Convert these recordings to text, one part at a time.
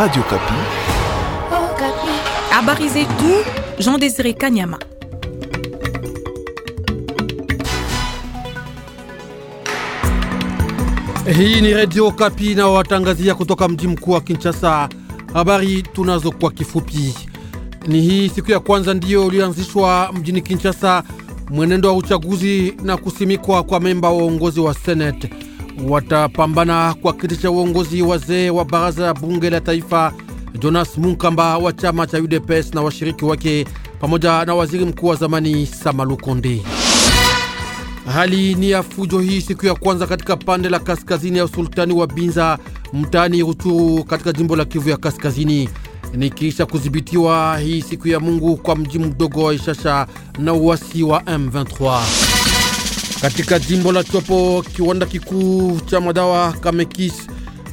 Radio Kapi. Habari zetu Jean Désiré Kanyama. Hii ni Radio Kapi na watangazia kutoka mji mkuu wa Kinshasa. Habari tunazo kwa kifupi. Ni hii siku ya kwanza ndiyo ulianzishwa mjini Kinshasa mwenendo wa uchaguzi na kusimikwa kwa memba wa uongozi wa Senate watapambana kwa kiti cha uongozi wazee wa baraza ya bunge la taifa Jonas Munkamba wa chama cha UDPS na washiriki wake pamoja na waziri mkuu wa zamani Samalu Hali ni ya fujo hii siku ya kwanza katika pande la kaskazini ya usultani wa Binza mtaani Ruchuru katika jimbo la Kivu ya kaskazini, nikiisha kudhibitiwa hii siku ya Mungu kwa mji mdogo wa Ishasha na uasi wa M23. Katika jimbo la Chopo, kiwanda kikuu cha madawa Kamekis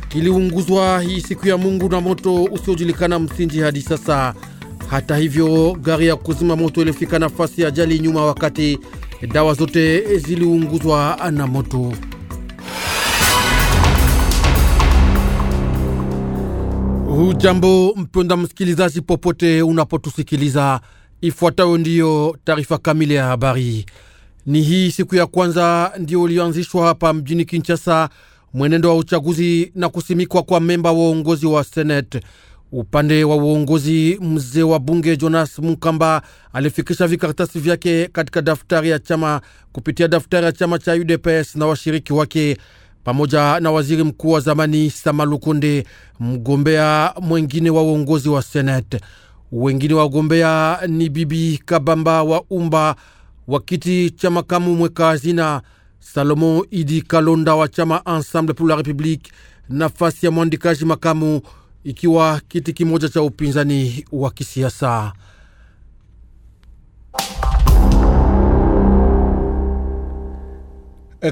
kiliunguzwa hii siku ya Mungu na moto usiojulikana msingi hadi sasa. Hata hivyo, gari ya kuzima moto ilifika nafasi ya ajali nyuma, wakati dawa zote ziliunguzwa na moto. Hujambo mpenda msikilizaji, popote unapotusikiliza, ifuatayo ndiyo taarifa kamili ya habari. Ni hii siku ya kwanza ndio ulioanzishwa hapa mjini Kinshasa mwenendo wa uchaguzi na kusimikwa kwa memba wa uongozi wa Senate. Upande wa uongozi, mzee wa bunge Jonas Mukamba alifikisha vikaratasi vyake katika daftari ya chama kupitia daftari ya chama cha UDPS na washiriki wake pamoja na waziri mkuu wa zamani samalukonde mgombea mwengine wa uongozi wa Senate. Wengine wagombea ni Bibi Kabamba wa Umba wa kiti cha makamu mweka hazina Salomon Idi Kalonda wa chama Ensemble pour la Republique, nafasi ya mwandikaji makamu ikiwa kiti kimoja cha upinzani wa kisiasa.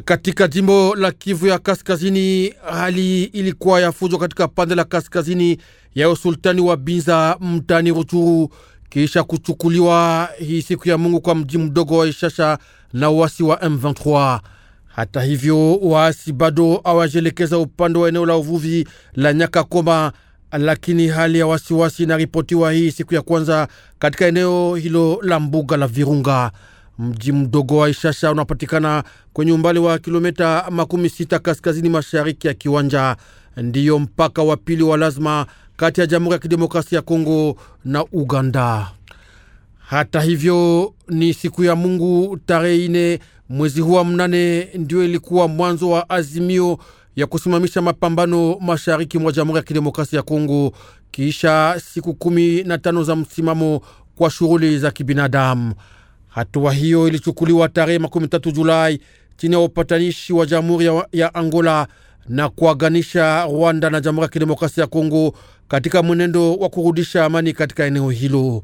Katika jimbo la Kivu ya Kaskazini, hali ilikuwa yafuzwa katika pande la kaskazini ya usultani wa Binza mtani Ruchuru kisha kuchukuliwa hii siku ya Mungu kwa mji mdogo wa Ishasha na uasi wa M23. Hata hivyo, waasi bado awajelekeza upande wa eneo la uvuvi la Nyakakoma, lakini hali ya wasiwasi inaripotiwa hii siku ya kwanza katika eneo hilo la mbuga la Virunga. Mji mdogo wa Ishasha unapatikana kwenye umbali wa kilomita makumi sita kaskazini mashariki ya kiwanja, ndiyo mpaka wa pili wa lazima kati ya Jamhuri ya Kidemokrasia ya Kongo na Uganda. Hata hivyo, ni siku ya Mungu tarehe ine mwezi huu wa mnane ndio ilikuwa mwanzo wa azimio ya kusimamisha mapambano mashariki mwa Jamhuri ya Kidemokrasia ya Kongo kisha siku kumi na tano za msimamo kwa shughuli za kibinadamu. Hatua hiyo ilichukuliwa tarehe makumi tatu Julai chini ya upatanishi wa Jamhuri ya Angola na kuaganisha Rwanda na Jamhuri ya Kidemokrasia ya Kongo katika mwenendo wa kurudisha amani katika eneo hilo.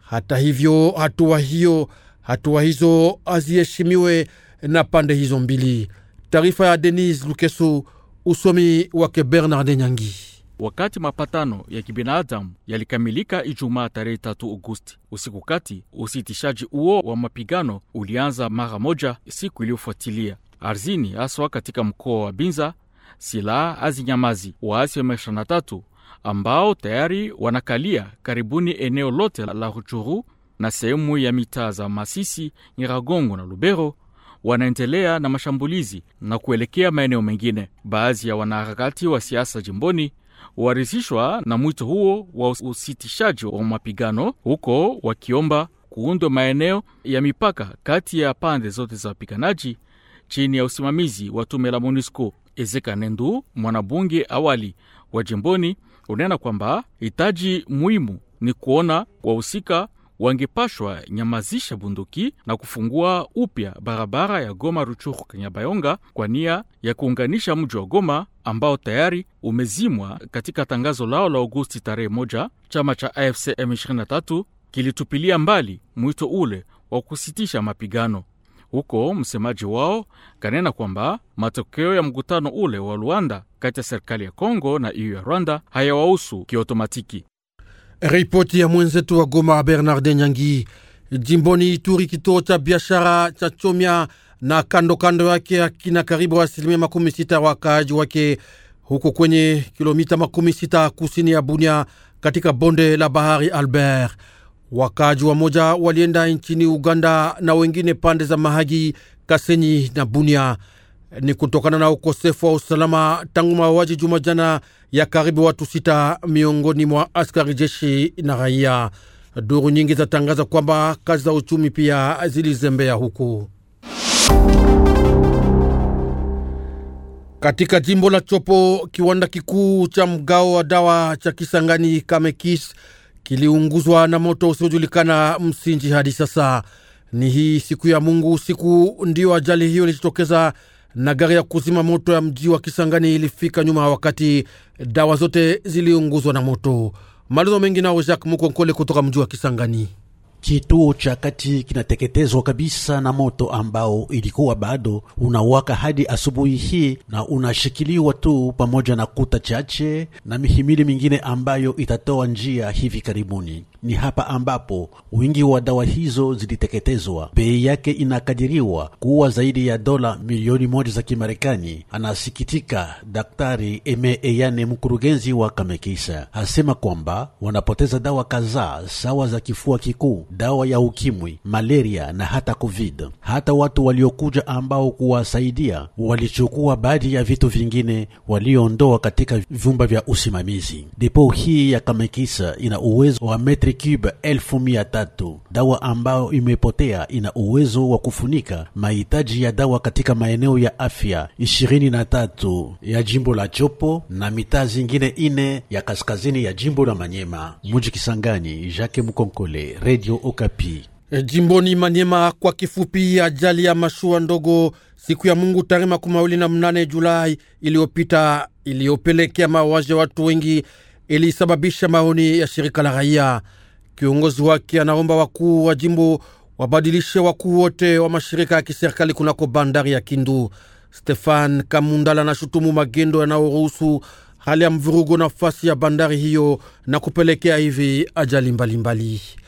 Hata hivyo, hatua hiyo hatua hizo haziheshimiwe na pande hizo mbili. Taarifa ya Denis Lukesu, usomi wake Bernarde Nyangi. Wakati mapatano ya kibinadamu yalikamilika Ijumaa tarehe 3 Agosti usiku kati, usitishaji huo wa mapigano ulianza mara moja siku iliyofuatilia arzini, haswa katika mkoa wa Binza. Silaha hazinyamazi, waasi wa M23 ambao tayari wanakalia karibuni eneo lote la Ruchuru na sehemu ya mitaa za Masisi, Nyiragongo na Lubero wanaendelea na mashambulizi na kuelekea maeneo mengine. Baadhi ya wanaharakati wa siasa jimboni warizishwa na mwito huo wa usitishaji wa mapigano huko, wakiomba kuundwa maeneo ya mipaka kati ya pande zote za wapiganaji chini ya usimamizi wa tume la MONUSCO. Ezeka Nendu, mwanabunge awali wa jimboni, unena kwamba hitaji muhimu ni kuona wahusika wangepashwa nyamazisha bunduki na kufungua upya barabara ya Goma Ruchuru Kanyabayonga kwa nia ya kuunganisha mji wa Goma ambao tayari umezimwa. Katika tangazo lao la Agosti tarehe moja, chama cha AFC M23 kilitupilia mbali mwito ule wa kusitisha mapigano. Huko msemaji wao kanena kwamba matokeo ya mkutano ule wa Luanda kati ya serikali ya Kongo na iyo e ya Rwanda hayawahusu kiotomatiki. Ripoti ya mwenzetu wa Goma Bernarde Nyangi. Jimboni Ituri, kituo cha biashara cha Chomya na kando kando yake akina karibu asilimia makumi sita wakaaji wake, huko kwenye kilomita makumi sita kusini ya Bunia katika bonde la bahari Albert. Wakaaji wa moja walienda nchini Uganda na wengine pande za Mahagi, Kasenyi na Bunia. Ni kutokana na ukosefu wa usalama tangu mauaji juma jana ya karibu watu sita miongoni mwa askari jeshi na raia. Duru nyingi zatangaza kwamba kazi za uchumi pia zilizembea huku. Katika jimbo la Chopo, kiwanda kikuu cha mgao wa dawa cha Kisangani Kamekis kiliunguzwa na moto usiojulikana msinji hadi sasa. Ni hii siku ya Mungu siku ndiyo ajali hiyo ilijitokeza, na gari ya kuzima moto ya mji wa Kisangani ilifika nyuma ya wakati, dawa zote ziliunguzwa na moto. Maelezo mengi nao Jacques Mukonkole kutoka mji wa Kisangani. Kituo cha kati kinateketezwa kabisa na moto ambao ilikuwa bado unawaka hadi asubuhi hii, na unashikiliwa tu pamoja na kuta chache na mihimili mingine ambayo itatoa njia hivi karibuni ni hapa ambapo wingi wa dawa hizo ziliteketezwa. Bei yake inakadiriwa kuwa zaidi ya dola milioni moja za Kimarekani. Anasikitika Daktari Eme Eyane, mkurugenzi wa kamekisa asema kwamba wanapoteza dawa kadhaa sawa za kifua kikuu, dawa ya ukimwi, malaria na hata COVID. Hata watu waliokuja ambao kuwasaidia walichukua baadhi ya vitu vingine, waliondoa katika vyumba vya usimamizi. Depo hii ya Kamekisa ina uwezo wa metri cube elfu mia tatu. Dawa ambayo imepotea ina uwezo wa kufunika mahitaji ya dawa katika maeneo ya afya ishirini na tatu ya jimbo la Chopo na mitaa zingine ine ya kaskazini ya jimbo la Manyema. Muji Kisangani, Jacques Mkonkole, Radio Okapi. Eh, jimboni Manyema kwa kifupi, ajali ya mashua ndogo siku ya Mungu tarehe makumi mawili na mnane Julai iliyopita iliyopelekea mauaji ya watu wengi ilisababisha maoni ya shirika la raia. Kiongozi wake anaomba wakuu wa jimbo wabadilishe wakuu wote wa mashirika ya kiserikali kunako bandari ya Kindu. Stefan Kamundala anashutumu magendo yanayoruhusu hali ya mvurugo nafasi ya bandari hiyo na kupelekea hivi ajali mbalimbali mbali.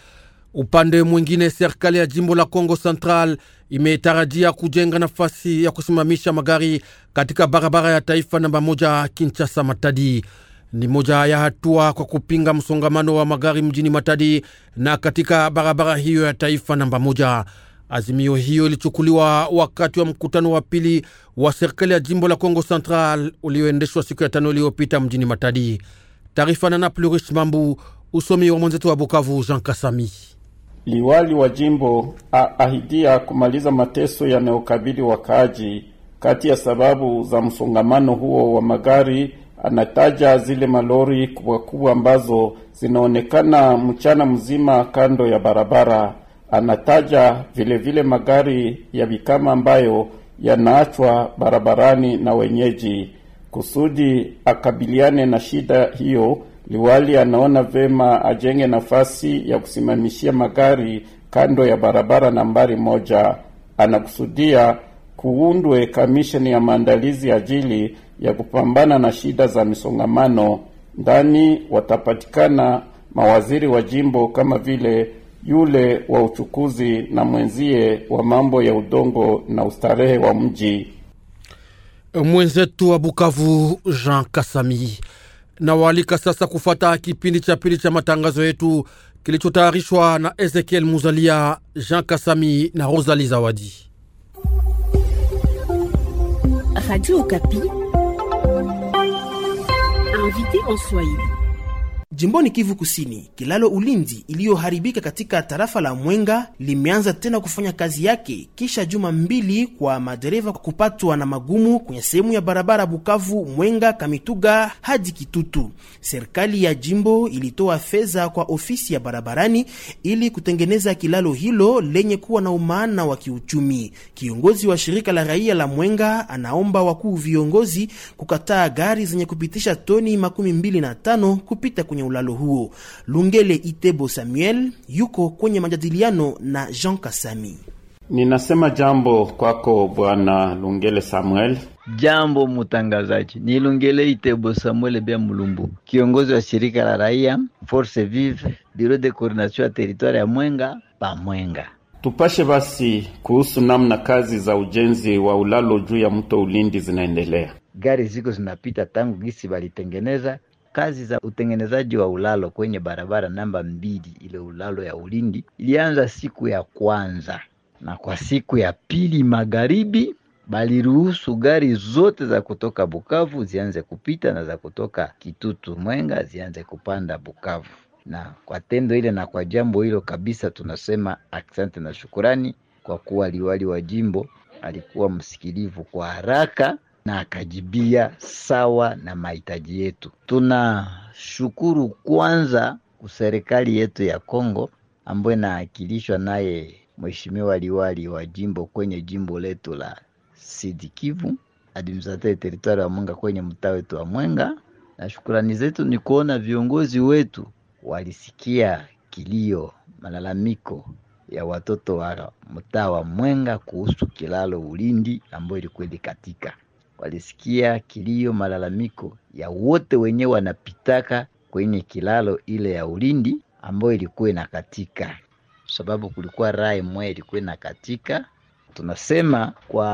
Upande mwingine, serikali ya jimbo la congo Central imetarajia kujenga nafasi ya kusimamisha magari katika barabara ya taifa namba moja Kinshasa Matadi. Ni moja ya hatua kwa kupinga msongamano wa magari mjini Matadi na katika barabara hiyo ya taifa namba moja. Azimio hiyo ilichukuliwa wakati wa mkutano wa pili wa serikali ya jimbo la Congo Central ulioendeshwa siku ya tano iliyopita mjini Matadi. Taarifa na Naplurish Mambu, usomi wa mwenzetu wa Bukavu Jean Kasami. Liwali wa jimbo aahidia kumaliza mateso yanayokabili wakaaji. Kati ya sababu za msongamano huo wa magari, anataja zile malori kubwa kubwa ambazo zinaonekana mchana mzima kando ya barabara. Anataja vilevile vile magari ya vikama ambayo yanaachwa barabarani na wenyeji. Kusudi akabiliane na shida hiyo, Liwali anaona vema ajenge nafasi ya kusimamishia magari kando ya barabara nambari moja. Anakusudia kuundwe kamisheni ya maandalizi ajili ya kupambana na shida za misongamano. Ndani watapatikana mawaziri wa jimbo kama vile yule wa uchukuzi na mwenzie wa mambo ya udongo na ustarehe wa mji. Mwenzetu wa Bukavu Jean Kasami. Nawaalika sasa kufata kipindi cha pili cha matangazo yetu kilichotayarishwa na Ezekiel Muzalia, Jean Kasami na Rosali Zawadi. Radio Okapi, invité en Swahili. Jimboni Kivu Kusini, kilalo ulinzi iliyoharibika katika tarafa la Mwenga limeanza tena kufanya kazi yake kisha juma mbili kwa madereva kupatwa na magumu kwenye sehemu ya barabara Bukavu Mwenga Kamituga hadi Kitutu. Serikali ya jimbo ilitoa fedha kwa ofisi ya barabarani ili kutengeneza kilalo hilo lenye kuwa na umaana wa kiuchumi. Kiongozi wa shirika la raia la Mwenga anaomba wakuu viongozi kukataa gari zenye kupitisha toni makumi mbili na tano kupita kwenye ulalo huo. Lungele Itebo Samuel yuko kwenye majadiliano na Jean Kasami. Ninasema jambo kwako bwana Lungele Samuel. Jambo mutangazaji, ni Lungele Itebo Samuel Bia Mulumbu, kiongozi wa shirika la raia Force Vive, bureau de coordination ya territoire ya Mwenga pa Mwenga. Tupashe basi kuhusu namna kazi za ujenzi wa ulalo juu ya mto Ulindi zinaendelea. Gari ziko zinapita tangu gisi balitengeneza kazi za utengenezaji wa ulalo kwenye barabara namba mbili, ile ulalo ya Ulindi ilianza siku ya kwanza, na kwa siku ya pili magharibi baliruhusu gari zote za kutoka Bukavu zianze kupita na za kutoka Kitutu Mwenga zianze kupanda Bukavu. Na kwa tendo ile na kwa jambo hilo kabisa, tunasema asante na shukurani, kwa kuwa liwali wa jimbo alikuwa msikilivu kwa haraka na akajibia sawa na mahitaji yetu. Tunashukuru kwanza kuserikali yetu ya Kongo ambayo inaakilishwa naye Mheshimiwa liwali wa jimbo kwenye jimbo letu la Sud Kivu, administrateur territoire ya Mwenga kwenye mtaa wetu wa Mwenga, na shukurani zetu ni kuona viongozi wetu walisikia kilio, malalamiko ya watoto wa mtaa wa Mwenga kuhusu kilalo Ulindi ambayo ilikuwa ilikatika walisikia kilio, malalamiko ya wote wenye wanapitaka kwenye kilalo ile ya Ulindi ambayo ilikuwa inakatika, sababu kulikuwa rai moja ilikuwa inakatika. Tunasema kwa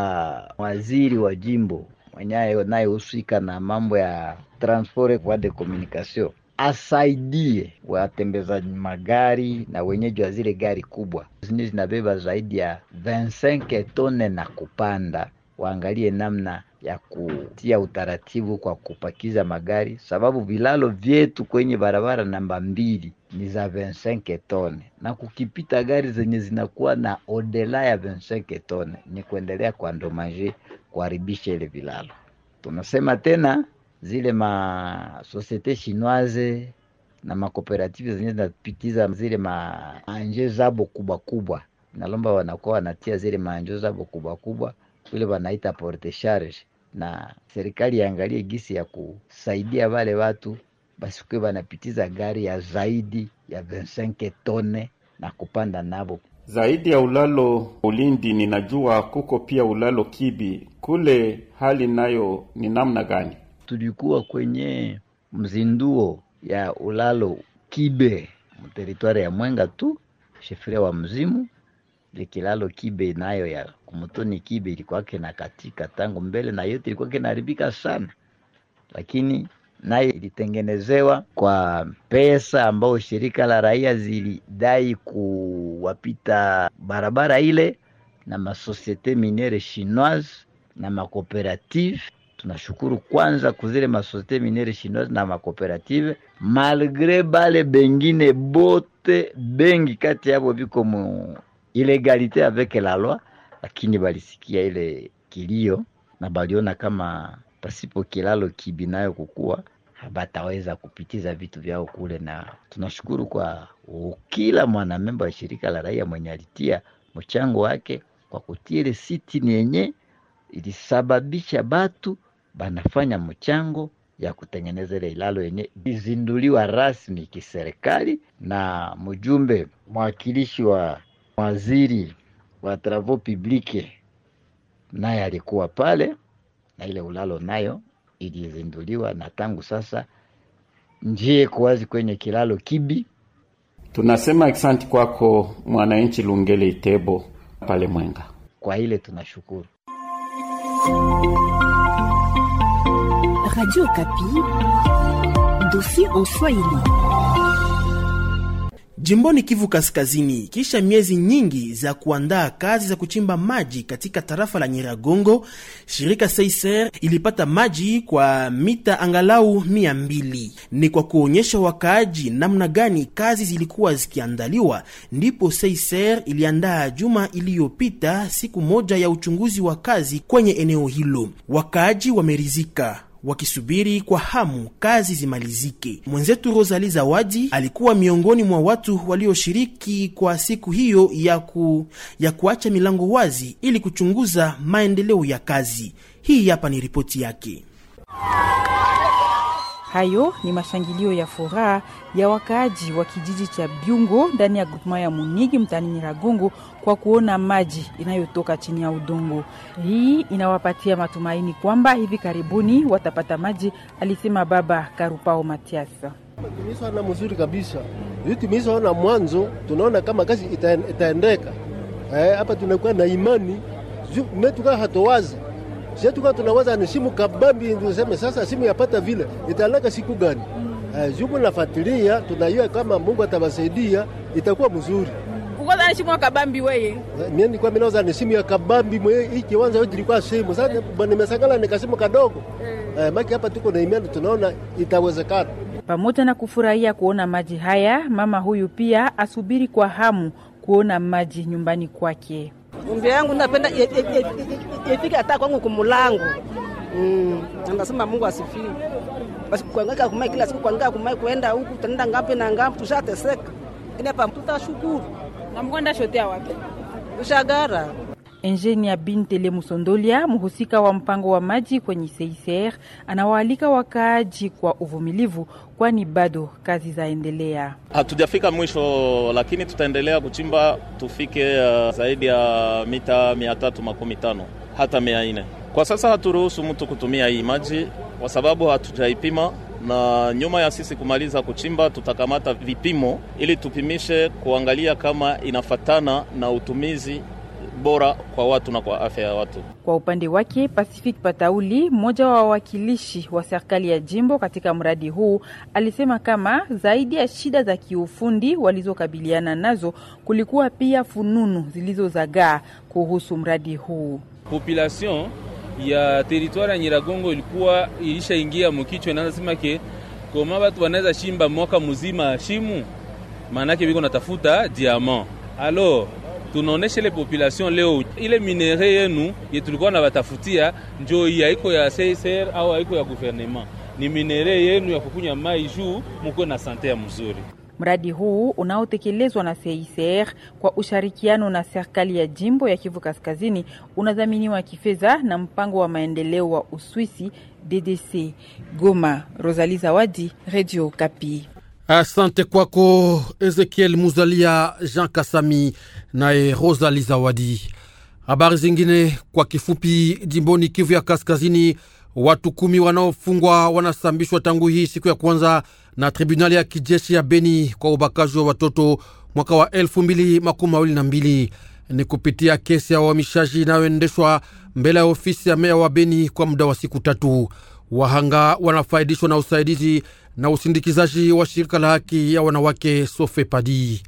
waziri wa jimbo mwenyewe nayehusika na mambo ya transport kwa de communication asaidie watembeza magari na wenyeji wa zile gari kubwa zine zinabeba zaidi ya 25 tone na kupanda, waangalie namna ya kutia utaratibu kwa kupakiza magari, sababu vilalo vyetu kwenye barabara namba mbili ni za 25 tone na kukipita gari zenye zinakuwa na odela ya 25 tone ni kuendelea kwa ndomaje kuharibisha ile vilalo. Tunasema tena zile ma societe chinoise na makooperative zenye zinapitiza zile maanje zabo kubwa kubwa, nalomba wanakuwa wanatia zile maanje zabo kubwa kubwa, vile wanaita porte charge na serikali yaangalie gisi ya kusaidia wale watu basikuwe wanapitiza gari ya zaidi ya 25 tone na kupanda nabo zaidi ya ulalo Ulindi. Ninajua kuko pia ulalo Kibi kule, hali nayo ni namna gani? Tulikuwa kwenye mzinduo ya ulalo Kibe mteritwari ya Mwenga tu shefiria wa mzimu likilalo kibe nayo ya kumutoni kibe ilikuwake na katika tangu mbele, na yote ilikuwa kinaharibika sana, lakini naye ilitengenezewa kwa pesa ambao shirika la raia zilidai kuwapita barabara ile na masosiete miniere chinoise na makooperative. Tunashukuru kwanza kuzile masosiete miniere chinoise na makooperative, malgre bale bengine bote bengi kati yabo viko mu Ilegalite avec la loi, lakini balisikia ile kilio na baliona kama pasipo kilalo kibinayo kukua bataweza kupitiza vitu vyao kule, na tunashukuru kwa kila mwanamemba wa shirika la raia mwenye alitia mchango wake kwa kutia ile siti yenye ilisababisha batu banafanya mchango ya kutengeneza ile ilalo yenye izinduliwa rasmi kiserikali na mjumbe mwakilishi wa waziri wa travaux publiques naye alikuwa pale, na ile ulalo nayo ilizinduliwa, na tangu sasa njie kuwazi kwenye kilalo Kibi. Tunasema asante kwako mwananchi Lungele Itebo pale Mwenga. Kwa ile tunashukuru Radio Kapi dofi en Swahili. Jimboni Kivu Kaskazini, kisha miezi nyingi za kuandaa kazi za kuchimba maji katika tarafa la Nyiragongo, shirika Seiser ilipata maji kwa mita angalau mia mbili. Ni kwa kuonyesha wakaaji namna gani kazi zilikuwa zikiandaliwa, ndipo Seiser iliandaa juma iliyopita siku moja ya uchunguzi wa kazi kwenye eneo hilo. Wakaaji wamerizika wakisubiri kwa hamu kazi zimalizike. Mwenzetu Rosali Zawadi alikuwa miongoni mwa watu walioshiriki kwa siku hiyo ya, ku, ya kuacha milango wazi ili kuchunguza maendeleo ya kazi hii. Hapa ni ripoti yake. Hayo ni mashangilio ya furaha ya wakaaji wa kijiji cha Byungo ndani ya grupema ya Munigi mtaani Nyiragongo kwa kuona maji inayotoka chini ya udongo. Hii inawapatia matumaini kwamba hivi karibuni watapata maji, alisema Baba Karupao Matiasa. Tumisana mzuri kabisa hii tumisaona mwanzo, tunaona kama kazi itaendeka eh, hapa, e, tunakuwa na imani metukaa hatowazi Zetuka tunawaza ni simu kabambi nduseme sasa simu yapata vile italaka siku gani? Uh, jumu nafuatilia tunaiwa kama Mungu atabasaidia itakuwa mzuri. Ukoza ni simu ya kabambi wewe. Eh, mimi nilikuwa mimi nawaza ni simu ya kabambi mwe hiki wanza yote ilikuwa simu. Sasa eh. nimesangala nikasimu kadogo. Eh, uh, maki hapa tuko na imani tunaona itawezekana. Pamoja na kufurahia kuona maji haya, mama huyu pia asubiri kwa hamu kuona maji nyumbani kwake ng'ombe yangu napenda ifike hata kwangu kumulangu. Mm, anasema Mungu asifiwe. Basi kuangaika kumai kila siku kuangaika kumai kuenda huku tutaenda ngapi na ngapi tushateseka. Lakini hapa tutashukuru. Na mkwenda shotea wapi? Ushagara. Engenia Bintele Musondolia, mhusika wa mpango wa maji kwenye CICR, anawaalika wakaaji kwa uvumilivu, kwani bado kazi zaendelea. Hatujafika mwisho, lakini tutaendelea kuchimba tufike uh, zaidi ya mita mia tatu makumi tano hata mia nne. Kwa sasa haturuhusu mtu kutumia hii maji kwa sababu hatujaipima na nyuma ya sisi kumaliza kuchimba tutakamata vipimo ili tupimishe kuangalia kama inafatana na utumizi bora kwa watu na kwa afya ya watu. Kwa upande wake, Pacific Patauli, mmoja wa wawakilishi wa serikali ya jimbo katika mradi huu, alisema kama zaidi ya shida za kiufundi walizokabiliana nazo, kulikuwa pia fununu zilizozagaa kuhusu mradi huu. Population ya teritwari ya Nyiragongo ilikuwa ilishaingia mkichwa, inasema ke koma watu wanaweza shimba mwaka mzima shimu, maanake biko natafuta diamant alo tunaoneshe ile population leo ile minere yenu ye tulikuwa na batafutia njo hii haiko ya CSR au aiko ya gouvernement, ni minere yenu ya kukunya mai juu mukwe na sante ya mzuri. Mradi huu unaotekelezwa na CICR kwa ushirikiano na serikali ya jimbo ya Kivu Kaskazini unadhaminiwa kifedha na mpango wa maendeleo wa Uswisi DDC. Goma, Rosalie Zawadi, Radio Kapi. Asante kwako Ezekiel Muzalia, Jean Kasami naye Rosali Zawadi. Habari zingine kwa kifupi. Jimboni Kivu ya Kaskazini, watu kumi wanaofungwa wanasambishwa tangu hii siku ya kwanza na tribunali ya kijeshi ya Beni kwa ubakaji wa watoto mwaka wa elfu mbili makumi mawili na mbili ni kupitia kesi ya uhamishaji inayoendeshwa mbele ya ofisi ya meya wa Beni kwa muda wa siku tatu. Wahanga wanafaidishwa na usaidizi na usindikizaji wa shirika la haki ya wanawake Sofepadi.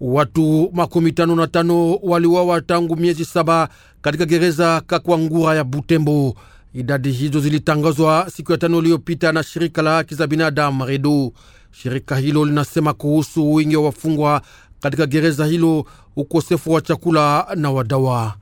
Watu makumi tano na tano waliwawa tangu miezi saba katika gereza Kakwangura ya Butembo. Idadi hizo zilitangazwa siku ya tano iliyopita na shirika la haki za binadamu Redo. Shirika hilo linasema kuhusu wingi wa wafungwa katika gereza hilo, ukosefu wa chakula na wadawa.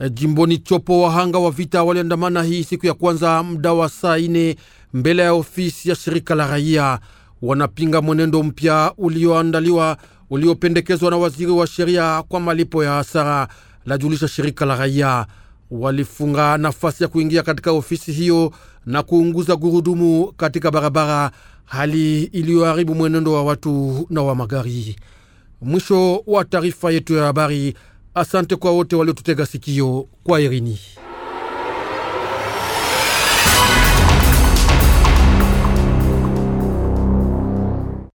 Eh, jimboni Chopo, wahanga wa vita waliandamana hii siku ya kwanza muda wa saa ine mbele ya ofisi ya shirika la raia. Wanapinga mwenendo mpya ulioandaliwa uliopendekezwa na waziri wa sheria kwa malipo ya hasara, lajulisha shirika la raia. Walifunga nafasi ya kuingia katika ofisi hiyo na kuunguza gurudumu katika barabara, hali iliyoharibu mwenendo wa watu na wa magari. Mwisho wa taarifa yetu ya habari. Asante kwa wote waliotutega sikio kwa Irini.